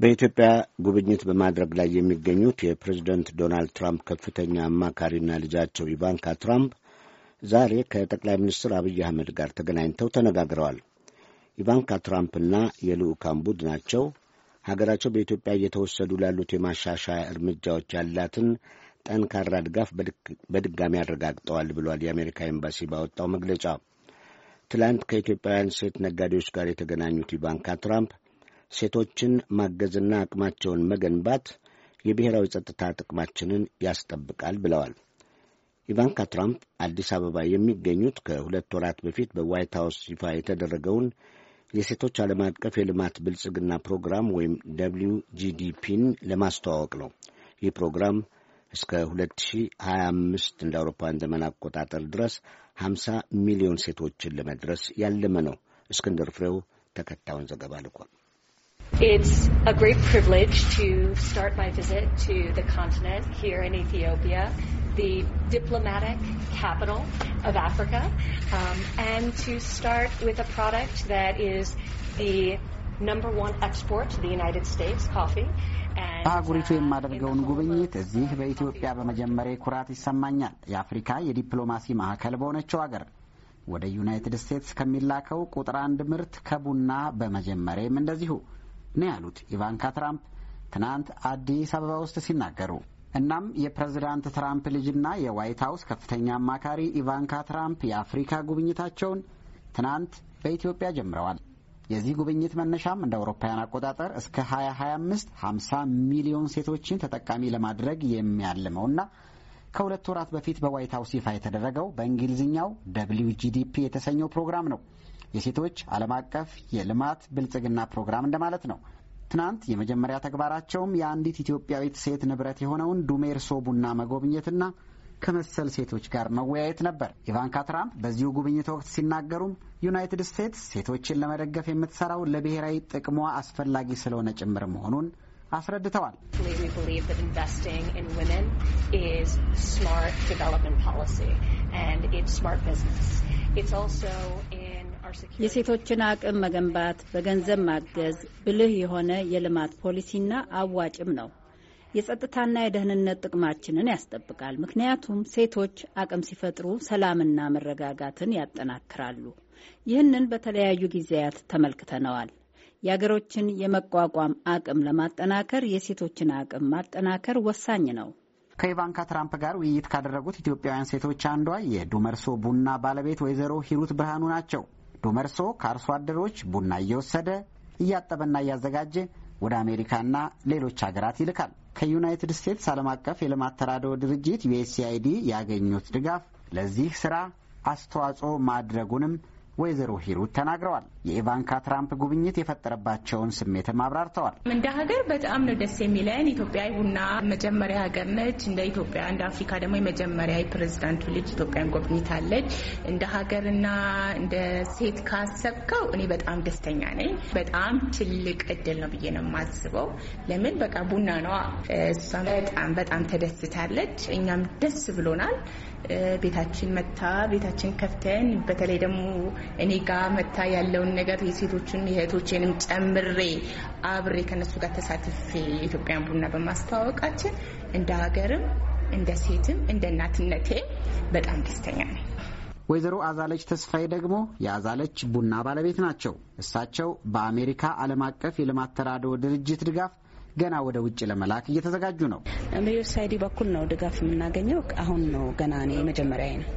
በኢትዮጵያ ጉብኝት በማድረግ ላይ የሚገኙት የፕሬዝደንት ዶናልድ ትራምፕ ከፍተኛ አማካሪና ልጃቸው ኢቫንካ ትራምፕ ዛሬ ከጠቅላይ ሚኒስትር አብይ አህመድ ጋር ተገናኝተው ተነጋግረዋል። ኢቫንካ ትራምፕና የልዑካን ቡድናቸው ሀገራቸው በኢትዮጵያ እየተወሰዱ ላሉት የማሻሻያ እርምጃዎች ያላትን ጠንካራ ድጋፍ በድጋሚ አረጋግጠዋል ብሏል የአሜሪካ ኤምባሲ ባወጣው መግለጫ። ትላንት ከኢትዮጵያውያን ሴት ነጋዴዎች ጋር የተገናኙት ኢቫንካ ትራምፕ ሴቶችን ማገዝና አቅማቸውን መገንባት የብሔራዊ ጸጥታ ጥቅማችንን ያስጠብቃል ብለዋል። ኢቫንካ ትራምፕ አዲስ አበባ የሚገኙት ከሁለት ወራት በፊት በዋይት ሀውስ ይፋ የተደረገውን የሴቶች ዓለም አቀፍ የልማት ብልጽግና ፕሮግራም ወይም ደብሊዩ ጂዲፒን ለማስተዋወቅ ነው። ይህ ፕሮግራም እስከ 2025 እንደ አውሮፓውያን ዘመን አቆጣጠር ድረስ 50 ሚሊዮን ሴቶችን ለመድረስ ያለመ ነው። እስክንድር ፍሬው ተከታዩን ዘገባ ልኳል። the diplomatic capital of Africa, um, and to start with a product that is the number one export to the United States, coffee, በአህጉሪቱ የማደርገውን ጉብኝት እዚህ በኢትዮጵያ በመጀመሬ ኩራት ይሰማኛል። የአፍሪካ የዲፕሎማሲ ማዕከል በሆነችው አገር ወደ ዩናይትድ ስቴትስ ከሚላከው ቁጥር አንድ ምርት ከቡና በመጀመሬም እንደዚሁ ነው ያሉት ኢቫንካ ትራምፕ ትናንት አዲስ አበባ ውስጥ ሲናገሩ። እናም የፕሬዝዳንት ትራምፕ ልጅና የዋይት ሀውስ ከፍተኛ አማካሪ ኢቫንካ ትራምፕ የአፍሪካ ጉብኝታቸውን ትናንት በኢትዮጵያ ጀምረዋል። የዚህ ጉብኝት መነሻም እንደ አውሮፓውያን አቆጣጠር እስከ 2025 50 ሚሊዮን ሴቶችን ተጠቃሚ ለማድረግ የሚያልመውና ከሁለት ወራት በፊት በዋይት ሀውስ ይፋ የተደረገው በእንግሊዝኛው ደብሊዩ ጂዲፒ የተሰኘው ፕሮግራም ነው። የሴቶች ዓለም አቀፍ የልማት ብልጽግና ፕሮግራም እንደማለት ነው። ትናንት የመጀመሪያ ተግባራቸውም የአንዲት ኢትዮጵያዊት ሴት ንብረት የሆነውን ዱሜርሶ ቡና መጎብኘትና ከመሰል ሴቶች ጋር መወያየት ነበር። ኢቫንካ ትራምፕ በዚሁ ጉብኝት ወቅት ሲናገሩም ዩናይትድ ስቴትስ ሴቶችን ለመደገፍ የምትሰራው ለብሔራዊ ጥቅሟ አስፈላጊ ስለሆነ ጭምር መሆኑን አስረድተዋል። የሴቶችን አቅም መገንባት፣ በገንዘብ ማገዝ ብልህ የሆነ የልማት ፖሊሲና አዋጭም ነው። የጸጥታና የደህንነት ጥቅማችንን ያስጠብቃል። ምክንያቱም ሴቶች አቅም ሲፈጥሩ ሰላምና መረጋጋትን ያጠናክራሉ። ይህንን በተለያዩ ጊዜያት ተመልክተነዋል። የአገሮችን የመቋቋም አቅም ለማጠናከር የሴቶችን አቅም ማጠናከር ወሳኝ ነው። ከኢቫንካ ትራምፕ ጋር ውይይት ካደረጉት ኢትዮጵያውያን ሴቶች አንዷ የዱመርሶ ቡና ባለቤት ወይዘሮ ሂሩት ብርሃኑ ናቸው። ዱመርሶ ከአርሶ አደሮች ቡና እየወሰደ እያጠበና እያዘጋጀ ወደ አሜሪካና ሌሎች ሀገራት ይልካል። ከዩናይትድ ስቴትስ ዓለም አቀፍ የልማት ተራድኦ ድርጅት ዩኤስኤአይዲ ያገኙት ድጋፍ ለዚህ ስራ አስተዋጽኦ ማድረጉንም ወይዘሮ ሂሩት ተናግረዋል። የኢቫንካ ትራምፕ ጉብኝት የፈጠረባቸውን ስሜትም አብራርተዋል። እንደ ሀገር በጣም ነው ደስ የሚለን። ኢትዮጵያ ቡና መጀመሪያ ሀገር ነች። እንደ ኢትዮጵያ እንደ አፍሪካ ደግሞ የመጀመሪያ የፕሬዚዳንቱ ልጅ ኢትዮጵያን ጎብኝታለች። እንደ ሀገርና እንደ ሴት ካሰብከው እኔ በጣም ደስተኛ ነኝ። በጣም ትልቅ እድል ነው ብዬ ነው የማስበው። ለምን በቃ ቡና ነዋ። እሷ በጣም በጣም ተደስታለች። እኛም ደስ ብሎናል። ቤታችን መታ ቤታችን ከፍተን በተለይ ደግሞ እኔ ጋ መታ ያለውን ነገር የሴቶችን የእህቶችንም ጨምሬ አብሬ ከነሱ ጋር ተሳትፌ የኢትዮጵያን ቡና በማስተዋወቃችን እንደ ሀገርም እንደ ሴትም እንደ እናትነቴ በጣም ደስተኛ ነኝ። ወይዘሮ አዛለች ተስፋዬ ደግሞ የአዛለች ቡና ባለቤት ናቸው። እሳቸው በአሜሪካ ዓለም አቀፍ የልማት ተራድኦ ድርጅት ድጋፍ ገና ወደ ውጭ ለመላክ እየተዘጋጁ ነው። በዩኤስአይዲ በኩል ነው ድጋፍ የምናገኘው። አሁን ነው ገና እኔ መጀመሪያ ነው።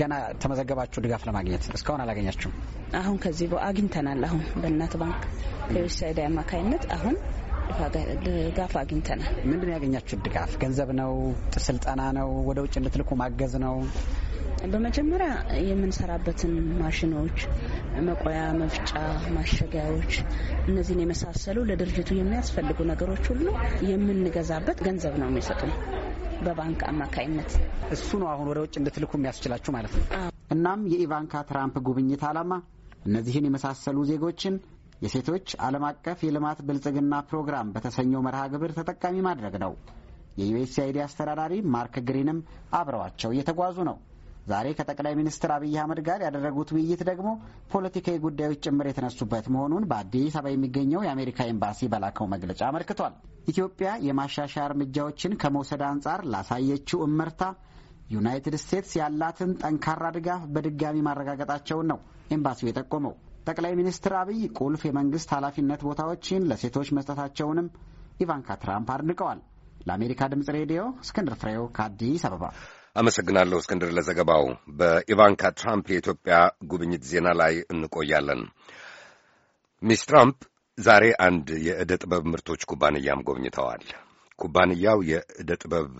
ገና ተመዘገባችሁ ድጋፍ ለማግኘት እስካሁን አላገኛችሁም? አሁን ከዚህ አግኝተናል። አሁን በእናት ባንክ በዩኤስአይዲ አማካኝነት አሁን ድጋፍ አግኝተናል። ምንድን ያገኛችሁት ድጋፍ? ገንዘብ ነው? ስልጠና ነው? ወደ ውጭ እንድትልኩ ማገዝ ነው? በመጀመሪያ የምንሰራበትን ማሽኖች፣ መቆያ፣ መፍጫ፣ ማሸጊያዎች እነዚህን የመሳሰሉ ለድርጅቱ የሚያስፈልጉ ነገሮች ሁሉ የምንገዛበት ገንዘብ ነው የሚሰጡን በባንክ አማካይነት። እሱ ነው አሁን ወደ ውጭ እንድትልኩ የሚያስችላችሁ ማለት ነው። እናም የኢቫንካ ትራምፕ ጉብኝት ዓላማ እነዚህን የመሳሰሉ ዜጎችን የሴቶች ዓለም አቀፍ የልማት ብልጽግና ፕሮግራም በተሰኘው መርሃ ግብር ተጠቃሚ ማድረግ ነው። የዩኤስአይዲ አስተዳዳሪ ማርክ ግሪንም አብረዋቸው እየተጓዙ ነው። ዛሬ ከጠቅላይ ሚኒስትር አብይ አህመድ ጋር ያደረጉት ውይይት ደግሞ ፖለቲካዊ ጉዳዮች ጭምር የተነሱበት መሆኑን በአዲስ አበባ የሚገኘው የአሜሪካ ኤምባሲ በላከው መግለጫ አመልክቷል። ኢትዮጵያ የማሻሻያ እርምጃዎችን ከመውሰድ አንጻር ላሳየችው እመርታ ዩናይትድ ስቴትስ ያላትን ጠንካራ ድጋፍ በድጋሚ ማረጋገጣቸውን ነው ኤምባሲው የጠቆመው። ጠቅላይ ሚኒስትር አብይ ቁልፍ የመንግስት ኃላፊነት ቦታዎችን ለሴቶች መስጠታቸውንም ኢቫንካ ትራምፕ አድንቀዋል። ለአሜሪካ ድምጽ ሬዲዮ እስክንድር ፍሬው ከአዲስ አበባ አመሰግናለሁ እስክንድር ለዘገባው። በኢቫንካ ትራምፕ የኢትዮጵያ ጉብኝት ዜና ላይ እንቆያለን። ሚስ ትራምፕ ዛሬ አንድ የዕደ ጥበብ ምርቶች ኩባንያም ጎብኝተዋል። ኩባንያው የዕደ ጥበብ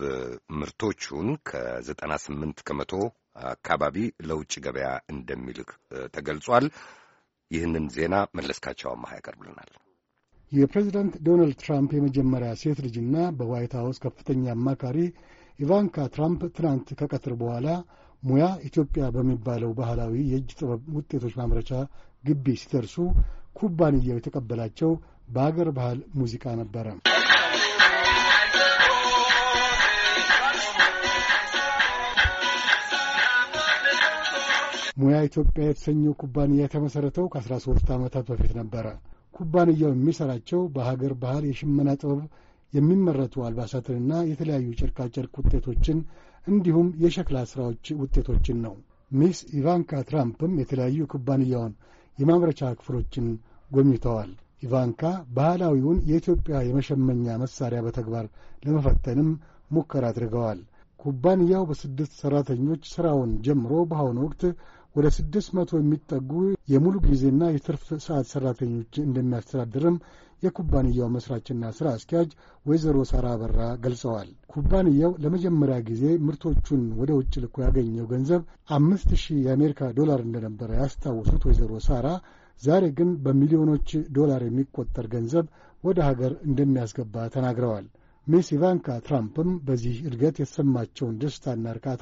ምርቶቹን ከዘጠና ስምንት ከመቶ አካባቢ ለውጭ ገበያ እንደሚልክ ተገልጿል። ይህንን ዜና መለስካቸው አማሃ ያቀርብልናል። የፕሬዚዳንት ዶናልድ ትራምፕ የመጀመሪያ ሴት ልጅና በዋይት ሀውስ ከፍተኛ አማካሪ ኢቫንካ ትራምፕ ትናንት ከቀትር በኋላ ሙያ ኢትዮጵያ በሚባለው ባህላዊ የእጅ ጥበብ ውጤቶች ማምረቻ ግቢ ሲደርሱ ኩባንያው የተቀበላቸው በአገር ባህል ሙዚቃ ነበረ። ሙያ ኢትዮጵያ የተሰኘው ኩባንያ የተመሠረተው ከ13 ዓመታት በፊት ነበረ። ኩባንያው የሚሠራቸው በሀገር ባህል የሽመና ጥበብ የሚመረቱ አልባሳትንና የተለያዩ ጨርቃጨርቅ ውጤቶችን እንዲሁም የሸክላ ሥራዎች ውጤቶችን ነው። ሚስ ኢቫንካ ትራምፕም የተለያዩ ኩባንያውን የማምረቻ ክፍሎችን ጎብኝተዋል። ኢቫንካ ባህላዊውን የኢትዮጵያ የመሸመኛ መሣሪያ በተግባር ለመፈተንም ሙከራ አድርገዋል። ኩባንያው በስድስት ሠራተኞች ሥራውን ጀምሮ በአሁኑ ወቅት ወደ ስድስት መቶ የሚጠጉ የሙሉ ጊዜና የትርፍ ሰዓት ሠራተኞች እንደሚያስተዳድርም የኩባንያው መሥራችና ሥራ አስኪያጅ ወይዘሮ ሳራ በራ ገልጸዋል። ኩባንያው ለመጀመሪያ ጊዜ ምርቶቹን ወደ ውጭ ልኮ ያገኘው ገንዘብ አምስት ሺህ የአሜሪካ ዶላር እንደነበረ ያስታውሱት ወይዘሮ ሳራ ዛሬ ግን በሚሊዮኖች ዶላር የሚቆጠር ገንዘብ ወደ ሀገር እንደሚያስገባ ተናግረዋል። ሚስ ኢቫንካ ትራምፕም በዚህ እድገት የተሰማቸውን ደስታና እርካታ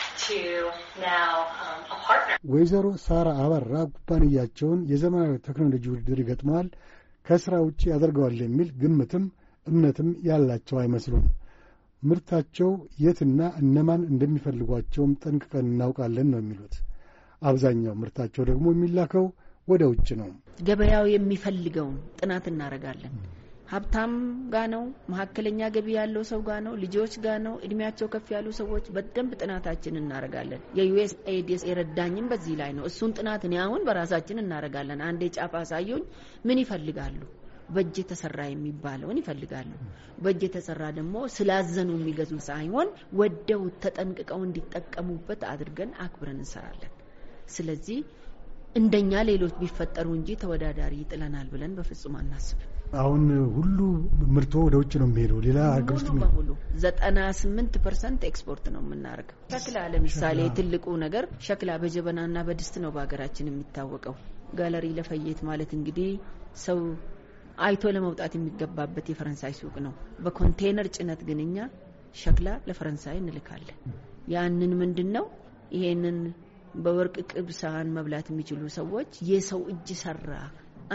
Um, ወይዘሮ ሳራ አበራ ኩባንያቸውን የዘመናዊ ቴክኖሎጂ ውድድር ይገጥመዋል፣ ከሥራ ውጭ ያደርገዋል የሚል ግምትም እምነትም ያላቸው አይመስሉም። ምርታቸው የትና እነማን እንደሚፈልጓቸውም ጠንቅቀን እናውቃለን ነው የሚሉት። አብዛኛው ምርታቸው ደግሞ የሚላከው ወደ ውጭ ነው። ገበያው የሚፈልገውን ጥናት እናደርጋለን። ሀብታም ጋ ነው፣ መካከለኛ ገቢ ያለው ሰው ጋ ነው፣ ልጆች ጋ ነው፣ እድሜያቸው ከፍ ያሉ ሰዎች በደንብ ጥናታችን እናደርጋለን። የዩኤስ ኤዲስ የረዳኝም በዚህ ላይ ነው። እሱን ጥናት እኔ አሁን በራሳችን እናደርጋለን። አንዴ ጫፍ አሳየኝ ምን ይፈልጋሉ? በእጅ የተሰራ የሚባለውን ይፈልጋሉ። በእጅ የተሰራ ደግሞ ስላዘኑ የሚገዙ ሳይሆን ወደው ተጠንቅቀው እንዲጠቀሙበት አድርገን አክብረን እንሰራለን። ስለዚህ እንደኛ ሌሎች ቢፈጠሩ እንጂ ተወዳዳሪ ይጥለናል ብለን በፍጹም አናስብም። አሁን ሁሉ ምርቶ ወደ ውጭ ነው የሚሄደው። ሌላ ሀገር ውስጥ በሙሉ ዘጠና ስምንት ፐርሰንት ኤክስፖርት ነው የምናደርገው። ሸክላ ለምሳሌ ትልቁ ነገር ሸክላ በጀበናና በድስት ነው በሀገራችን የሚታወቀው። ጋለሪ ለፈየት ማለት እንግዲህ ሰው አይቶ ለመውጣት የሚገባበት የፈረንሳይ ሱቅ ነው። በኮንቴነር ጭነት ግን እኛ ሸክላ ለፈረንሳይ እንልካለን። ያንን ምንድን ነው ይሄንን በወርቅ ቅብ ሳህን መብላት የሚችሉ ሰዎች የሰው እጅ ሰራ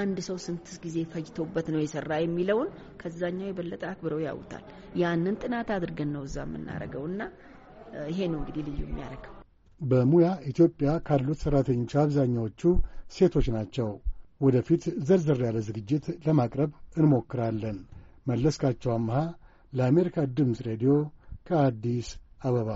አንድ ሰው ስንት ጊዜ ፈጅቶበት ነው የሰራ የሚለውን ከዛኛው የበለጠ አክብረው ያውታል። ያንን ጥናት አድርገን ነው እዛ የምናደርገው እና ይሄ ነው እንግዲህ ልዩ የሚያደርገው። በሙያ ኢትዮጵያ ካሉት ሰራተኞች አብዛኛዎቹ ሴቶች ናቸው። ወደፊት ዘርዘር ያለ ዝግጅት ለማቅረብ እንሞክራለን። መለስካቸው አምሃ ለአሜሪካ ድምፅ ሬዲዮ ከአዲስ አበባ